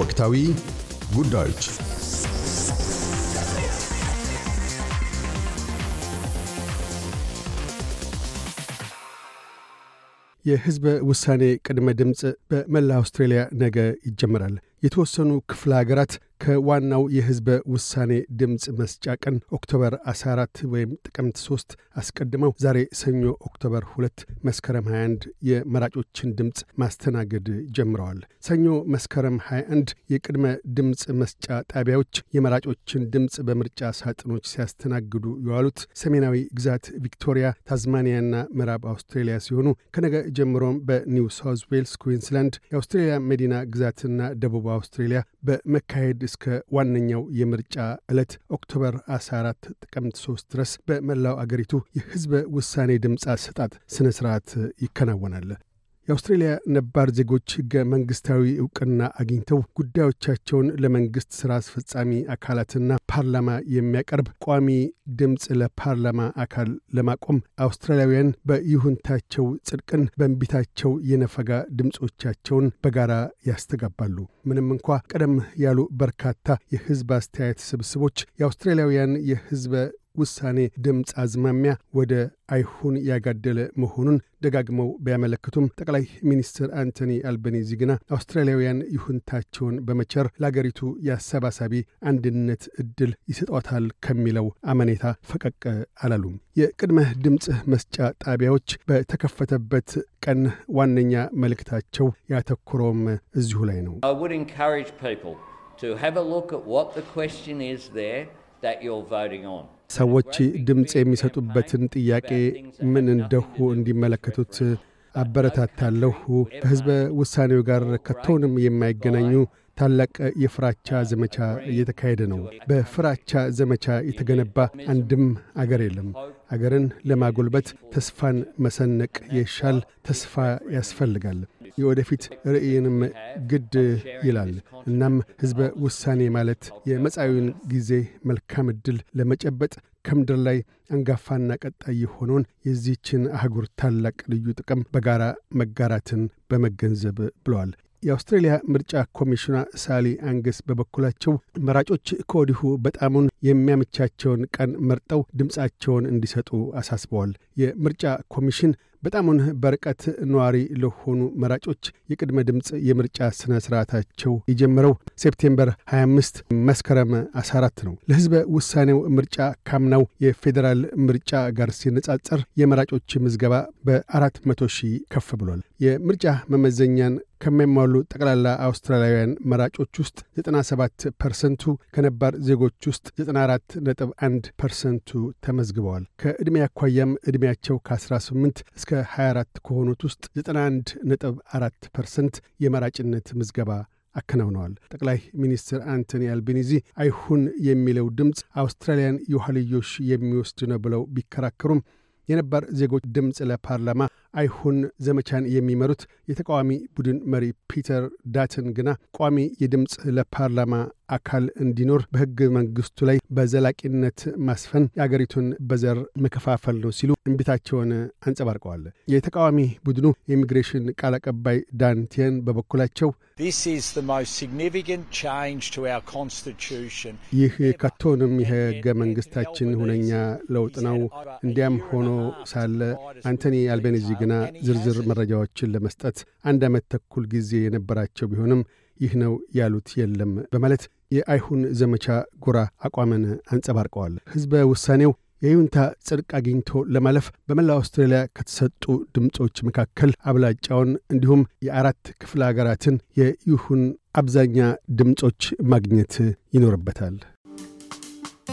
ወቅታዊ ጉዳዮች የህዝበ ውሳኔ ቅድመ ድምፅ በመላ አውስትሬልያ ነገ ይጀመራል። የተወሰኑ ክፍለ ሀገራት ከዋናው የሕዝበ ውሳኔ ድምፅ መስጫ ቀን ኦክቶበር 14 ወይም ጥቅምት 3 አስቀድመው ዛሬ ሰኞ ኦክቶበር 2 መስከረም 21 የመራጮችን ድምፅ ማስተናገድ ጀምረዋል። ሰኞ መስከረም 21 የቅድመ ድምፅ መስጫ ጣቢያዎች የመራጮችን ድምፅ በምርጫ ሳጥኖች ሲያስተናግዱ የዋሉት ሰሜናዊ ግዛት ቪክቶሪያ፣ ታዝማኒያና ምዕራብ አውስትሬሊያ ሲሆኑ ከነገ ጀምሮም በኒው ሳውዝ ዌልስ፣ ኩዊንስላንድ፣ የአውስትሬሊያ መዲና ግዛትና ደቡብ አውስትሬልያ በመካሄድ እስከ ዋነኛው የምርጫ ዕለት ኦክቶበር 14 ጥቅምት 3 ድረስ በመላው አገሪቱ የሕዝበ ውሳኔ ድምፅ አሰጣጥ ሥነ ሥርዓት ይከናወናል። የአውስትሬልያ ነባር ዜጎች ህገ መንግስታዊ እውቅና አግኝተው ጉዳዮቻቸውን ለመንግስት ሥራ አስፈጻሚ አካላትና ፓርላማ የሚያቀርብ ቋሚ ድምፅ ለፓርላማ አካል ለማቆም አውስትራሊያውያን በይሁንታቸው ጽድቅን፣ በእንቢታቸው የነፈጋ ድምፆቻቸውን በጋራ ያስተጋባሉ። ምንም እንኳ ቀደም ያሉ በርካታ የሕዝብ አስተያየት ስብስቦች የአውስትራሊያውያን የህዝበ ውሳኔ ድምፅ አዝማሚያ ወደ አይሁን ያጋደለ መሆኑን ደጋግመው ቢያመለክቱም ጠቅላይ ሚኒስትር አንቶኒ አልበኒዚ ግና አውስትራሊያውያን ይሁንታቸውን በመቸር ለአገሪቱ የአሰባሳቢ አንድነት እድል ይሰጧታል ከሚለው አመኔታ ፈቀቅ አላሉም። የቅድመ ድምፅ መስጫ ጣቢያዎች በተከፈተበት ቀን ዋነኛ መልእክታቸው ያተኮረውም እዚሁ ላይ ነው። To have a look at what the question is there that you're voting on. ሰዎች ድምፅ የሚሰጡበትን ጥያቄ ምን እንደሁ እንዲመለከቱት አበረታታለሁ። ከሕዝበ ውሳኔው ጋር ከቶንም የማይገናኙ ታላቅ የፍራቻ ዘመቻ እየተካሄደ ነው። በፍራቻ ዘመቻ የተገነባ አንድም አገር የለም። አገርን ለማጎልበት ተስፋን መሰነቅ የሻል ተስፋ ያስፈልጋል የወደፊት ርዕይንም ግድ ይላል። እናም ሕዝበ ውሳኔ ማለት የመጻዊውን ጊዜ መልካም ዕድል ለመጨበጥ ከምድር ላይ አንጋፋና ቀጣይ የሆነውን የዚህችን አህጉር ታላቅ ልዩ ጥቅም በጋራ መጋራትን በመገንዘብ ብለዋል። የአውስትሬልያ ምርጫ ኮሚሽና ሳሊ አንገስ በበኩላቸው መራጮች ከወዲሁ በጣሙን የሚያመቻቸውን ቀን መርጠው ድምፃቸውን እንዲሰጡ አሳስበዋል። የምርጫ ኮሚሽን በጣሙን በርቀት ነዋሪ ለሆኑ መራጮች የቅድመ ድምፅ የምርጫ ሥነ ሥርዓታቸው የጀመረው ሴፕቴምበር 25 መስከረም 14 ነው። ለህዝበ ውሳኔው ምርጫ ካምናው የፌዴራል ምርጫ ጋር ሲነጻጸር የመራጮች ምዝገባ በ400 ሺህ ከፍ ብሏል። የምርጫ መመዘኛን ከሚያሟሉ ጠቅላላ አውስትራሊያውያን መራጮች ውስጥ 97 ፐርሰንቱ ከነባር ዜጎች ውስጥ 94 ነጥብ 1 ፐርሰንቱ ተመዝግበዋል። ከዕድሜ አኳያም ዕድሜያቸው ከ18 እስከ እስከ 24 ከሆኑት ውስጥ 91.4 ፐርሰንት የመራጭነት ምዝገባ አከናውነዋል። ጠቅላይ ሚኒስትር አንቶኒ አልቤኒዚ አይሁን የሚለው ድምፅ አውስትራሊያን የኋልዮሽ የሚወስድ ነው ብለው ቢከራከሩም የነባር ዜጎች ድምፅ ለፓርላማ አይሁን ዘመቻን የሚመሩት የተቃዋሚ ቡድን መሪ ፒተር ዳትን ግና ቋሚ የድምፅ ለፓርላማ አካል እንዲኖር በሕገ መንግሥቱ ላይ በዘላቂነት ማስፈን የአገሪቱን በዘር መከፋፈል ነው ሲሉ እንቢታቸውን አንጸባርቀዋል። የተቃዋሚ ቡድኑ የኢሚግሬሽን ቃል አቀባይ ዳንቲየን በበኩላቸው ይህ ከቶንም የሕገ መንግሥታችን ሁነኛ ለውጥ ነው። እንዲያም ሆኖ ሳለ አንቶኒ አልቤኒዚ ግና ዝርዝር መረጃዎችን ለመስጠት አንድ ዓመት ተኩል ጊዜ የነበራቸው ቢሆንም ይህ ነው ያሉት የለም በማለት የአይሁን ዘመቻ ጎራ አቋምን አንጸባርቀዋል። ሕዝበ ውሳኔው የይሁንታ ጽድቅ አግኝቶ ለማለፍ በመላ አውስትራሊያ ከተሰጡ ድምፆች መካከል አብላጫውን እንዲሁም የአራት ክፍለ አገራትን የይሁን አብዛኛ ድምፆች ማግኘት ይኖርበታል።